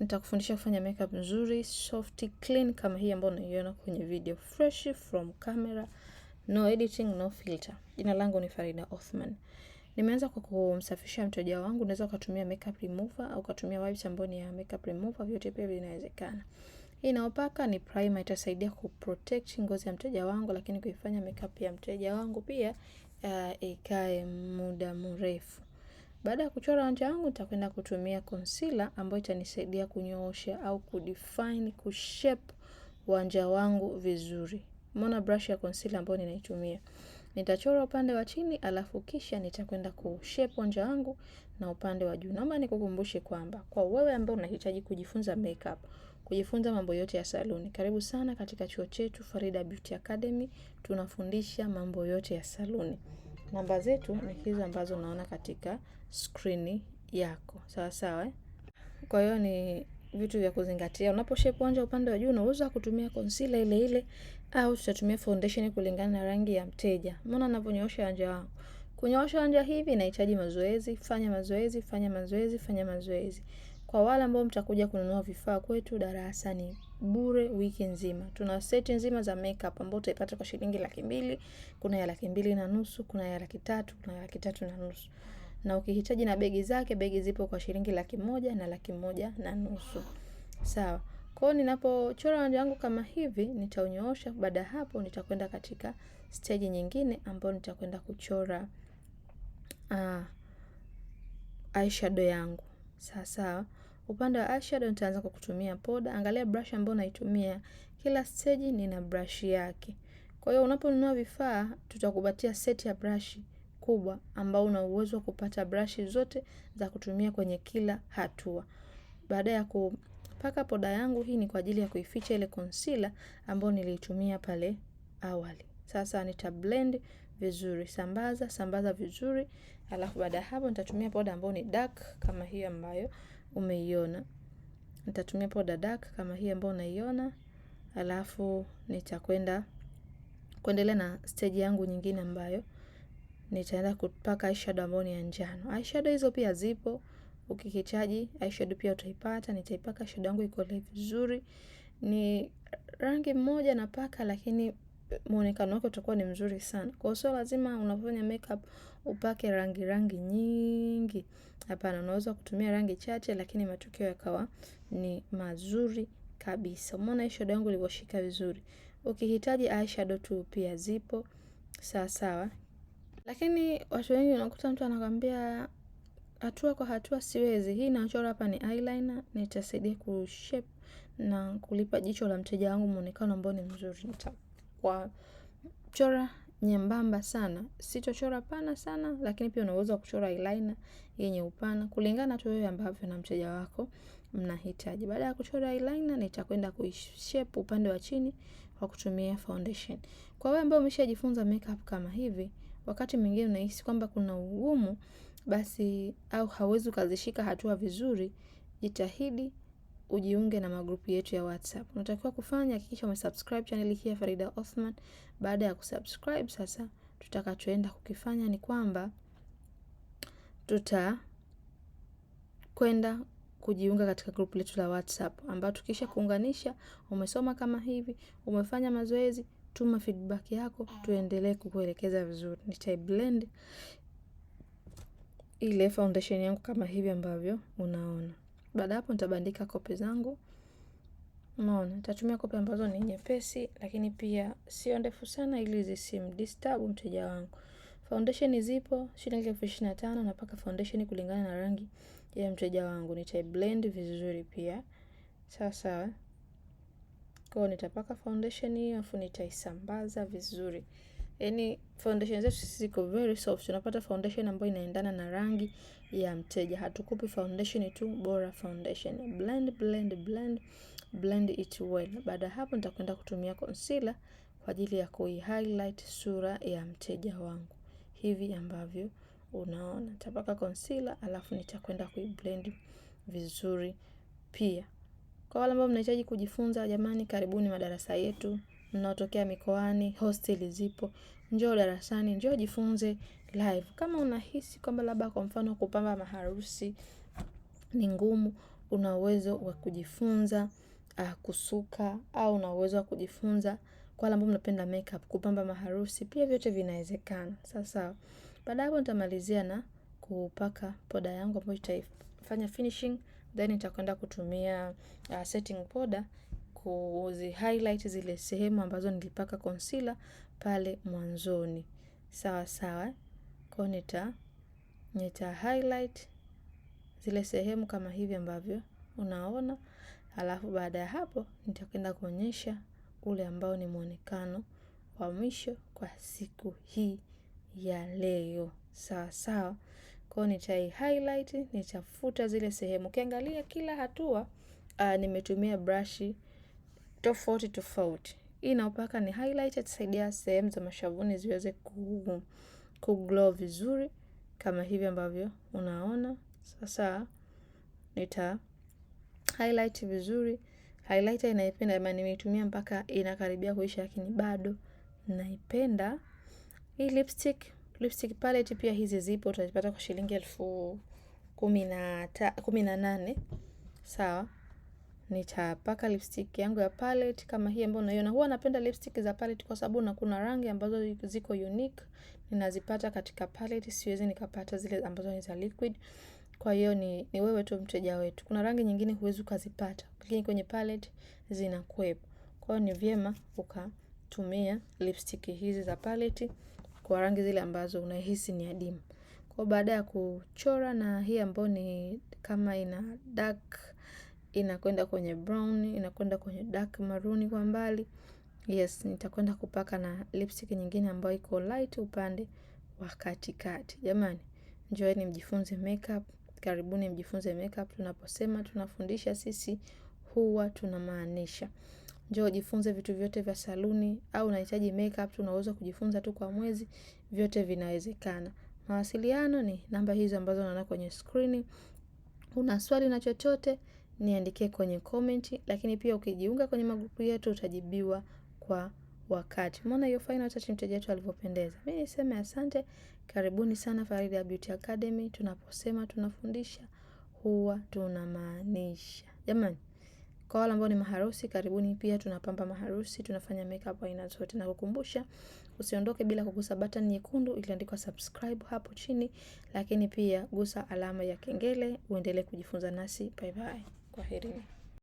nitakufundisha kufanya makeup nzuri soft clean kama hii ambayo unaiona kwenye video, fresh from camera, no editing, no filter. Jina langu ni Farida Othman. Nimeanza kwa kumsafisha mteja wangu. Unaweza ukatumia makeup remover au ukatumia wipes ambayo ni ya makeup remover, vyote pia vinawezekana. Hii naopaka ni primer, itasaidia kuprotect ngozi ya mteja wangu, lakini kuifanya makeup ya mteja wangu pia uh, ikae muda mrefu. Baada ya kuchora wanja wangu, nitakwenda kutumia concealer ambayo itanisaidia kunyoosha au kudefine, kushape wanja wangu vizuri. Umeona brush ya concealer ambayo ninaitumia. Nitachora upande wa chini alafu kisha nitakwenda kushape wanja wangu na upande wa juu. Naomba nikukumbushe kwamba kwa wewe ambao unahitaji kujifunza makeup, kujifunza mambo yote ya saluni. Karibu sana katika chuo chetu Farida Beauty Academy, tunafundisha mambo yote ya saluni. Namba zetu ni hizo ambazo unaona katika skrini yako, sawa sawa. Eh? Kwa hiyo ni vitu vya kuzingatia unaposhape wanja upande wa juu. Unaweza kutumia concealer ile ile au tutatumia foundation kulingana na rangi ya mteja. Umeona ninavyonyoosha wanja wangu. Kunyoosha wanja hivi inahitaji mazoezi. Fanya mazoezi, fanya mazoezi, fanya mazoezi. Kwa wale ambao mtakuja kununua vifaa kwetu darasani, bure wiki nzima. Tuna seti nzima za makeup ambayo utaipata kwa shilingi laki mbili. Kuna ya laki mbili na nusu, kuna ya laki tatu, kuna ya laki tatu na nusu. Na ukihitaji na begi zake, begi zipo kwa shilingi laki moja na laki moja na nusu. Sawa. Kwa hiyo ninapochora wanja wangu kama hivi, nitaunyoosha. Baada ya hapo, nitakwenda katika stage nyingine ambayo nitakwenda kuchora ah, eyeshadow yangu. Sawa sawa. Upande wa eyeshadow nitaanza kwa kutumia poda. Angalia brush ambayo naitumia. Kila stage nina brush yake. Kwa hiyo unaponunua vifaa tutakupatia set ya brush kubwa ambao una uwezo wa kupata brush zote za kutumia kwenye kila hatua. Baada ya kupaka poda yangu hii ni kwa ajili ya kuificha ile concealer ambayo nilitumia pale awali. Sasa nita blend vizuri, sambaza, sambaza vizuri, alafu baada ya hapo nitatumia poda ambayo ni dark kama hii ambayo umeiona. Nitatumia powder dark kama hii ambayo unaiona, alafu nitakwenda kuendelea na stage yangu nyingine ambayo nitaenda kupaka eyeshadow ambayo ni ya njano. Eyeshadow hizo pia zipo, ukikichaji eyeshadow pia utaipata. Nitaipaka eyeshadow yangu iko vizuri, ni rangi moja napaka, lakini muonekano wake utakuwa ni mzuri sana. Kwa hiyo sio lazima unafanya makeup upake rangi rangi nyingi. Hapana, unaweza kutumia rangi chache lakini matokeo yakawa ni mazuri kabisa. Umeona hii shadow yangu ilivyoshika vizuri. Ukihitaji eyeshadow tu pia zipo sawa sawa, lakini watu wengi unakuta mtu anakwambia hatua kwa hatua siwezi. Hii inachora hapa ni eyeliner, nitasaidia shape na kulipa jicho la mteja wangu muonekano ambao ni mzuri. Nitakuwa chora nyembamba sana, sitochora pana sana, lakini pia unaweza wa kuchora eyeliner yenye upana kulingana tu wewe ambavyo na mteja wako mnahitaji. Baada ya kuchora eyeliner, nitakwenda kuishape upande wa chini kwa kutumia foundation. Kwa wewe ambao umeshajifunza makeup kama hivi, wakati mwingine unahisi kwamba kuna ugumu basi, au hauwezi ukazishika hatua vizuri, jitahidi ujiunge na magrupu yetu ya WhatsApp. Unatakiwa kufanya, hakikisha umesubscribe channel hii ya Farida Othman. Baada ya kusubscribe sasa, tutakachoenda kukifanya ni kwamba tutakwenda kujiunga katika grupu letu la WhatsApp ambayo tukisha kuunganisha, umesoma kama hivi, umefanya mazoezi, tuma feedback yako, tuendelee kukuelekeza vizuri. blend ile foundation yangu kama hivi ambavyo unaona. Baada hapo nitabandika kope zangu. Umeona, nitatumia kope ambazo ni nyepesi lakini pia sio ndefu sana ili zisimdisturb mteja wangu. Foundation zipo shilingi elfu ishirini na tano. Napaka foundation kulingana na rangi ya mteja wangu, nitaiblend vizuri pia sawa sawa. Kwa nitapaka foundation hiyo afu nitaisambaza vizuri yani foundation zetu sisi ziko very soft. Tunapata foundation ambayo inaendana na rangi ya mteja, hatukupi foundation tu, bora foundation. Blend, blend, blend, blend it well. Baada ya hapo nitakwenda kutumia concealer kwa ajili ya kui highlight sura ya mteja wangu hivi ambavyo unaona, tapaka concealer alafu nitakwenda kui blend vizuri pia. Kwa wale ambao mnahitaji kujifunza, jamani, karibuni madarasa yetu mnaotokea mikoani, hosteli zipo, njoo darasani, njoo jifunze live. Kama unahisi kwamba labda kwa mfano kupamba maharusi ni ngumu, una uwezo wa kujifunza uh, kusuka au una uwezo wa kujifunza kwa wale ambao mnapenda makeup, kupamba maharusi pia, vyote vinawezekana. Sawa sawa. Baada hapo nitamalizia na kupaka poda yangu ambayo itaifanya finishing, then nitakwenda kutumia uh, setting poda kuzi highlight zile sehemu ambazo nilipaka concealer pale mwanzoni. Sawa sawa, kwa nita nita highlight zile sehemu kama hivi ambavyo unaona, alafu baada ya hapo nitakwenda kuonyesha ule ambao ni mwonekano wa mwisho kwa siku hii ya leo. Sawa sawa, kwa nitai highlight, nitafuta zile sehemu. Ukiangalia kila hatua, ah, nimetumia brush tofauti tofauti. Hii na upaka ni highlight itasaidia sehemu za mashavuni ziweze ku glow vizuri kama hivi ambavyo unaona. Sasa nita highlight vizuri. Highlighter inaipenda maana nimeitumia mpaka inakaribia kuisha lakini bado naipenda. Hii lipstick, lipstick palette pia hizi zipo utazipata kwa shilingi elfu kumi na nane. Sawa nitapaka lipstick yangu ya palette kama hii ambayo unaiona. Huwa napenda lipstick za palette kwa sababu na kuna rangi ambazo ziko unique ninazipata katika palette, siwezi nikapata zile ambazo ni za liquid. Kwa hiyo ni, ni wewe tu mteja wetu. Kuna rangi nyingine huwezi ukazipata, lakini kwenye palette zinakuwepo. Kwa hiyo ni vyema ukatumia lipstick hizi za palette kwa rangi zile ambazo unahisi ni adimu. Kwa baada ya kuchora na hii ambayo ni kama ina dark inakwenda kwenye brown, inakwenda kwenye dark maroon kwa mbali. Yes, nitakwenda kupaka na lipstick nyingine ambayo iko light upande wa katikati. Jamani, njoeni mjifunze makeup, karibuni mjifunze makeup. Tunaposema tunafundisha sisi huwa tunamaanisha. Njoo jifunze vitu vyote vya saluni au unahitaji makeup, tunaweza kujifunza tu kwa mwezi, vyote vinawezekana. Mawasiliano ni namba hizo ambazo unaona kwenye screen. Una swali na chochote niandikie kwenye komenti, lakini pia ukijiunga kwenye magrupu yetu utajibiwa kwa wakati. Umeona hiyo final touch mteja wetu alivyopendeza. Mimi niseme asante, karibuni sana Farida Beauty Academy. Tunaposema tunafundisha huwa tunamaanisha. Jamani, kwa wale ambao ni maharusi, karibuni pia. Tunapamba maharusi, tunafanya makeup aina zote, na kukumbusha usiondoke bila kugusa button nyekundu iliyoandikwa subscribe hapo chini, lakini pia gusa alama ya kengele uendelee kujifunza nasi. Bye bye. kwaherini.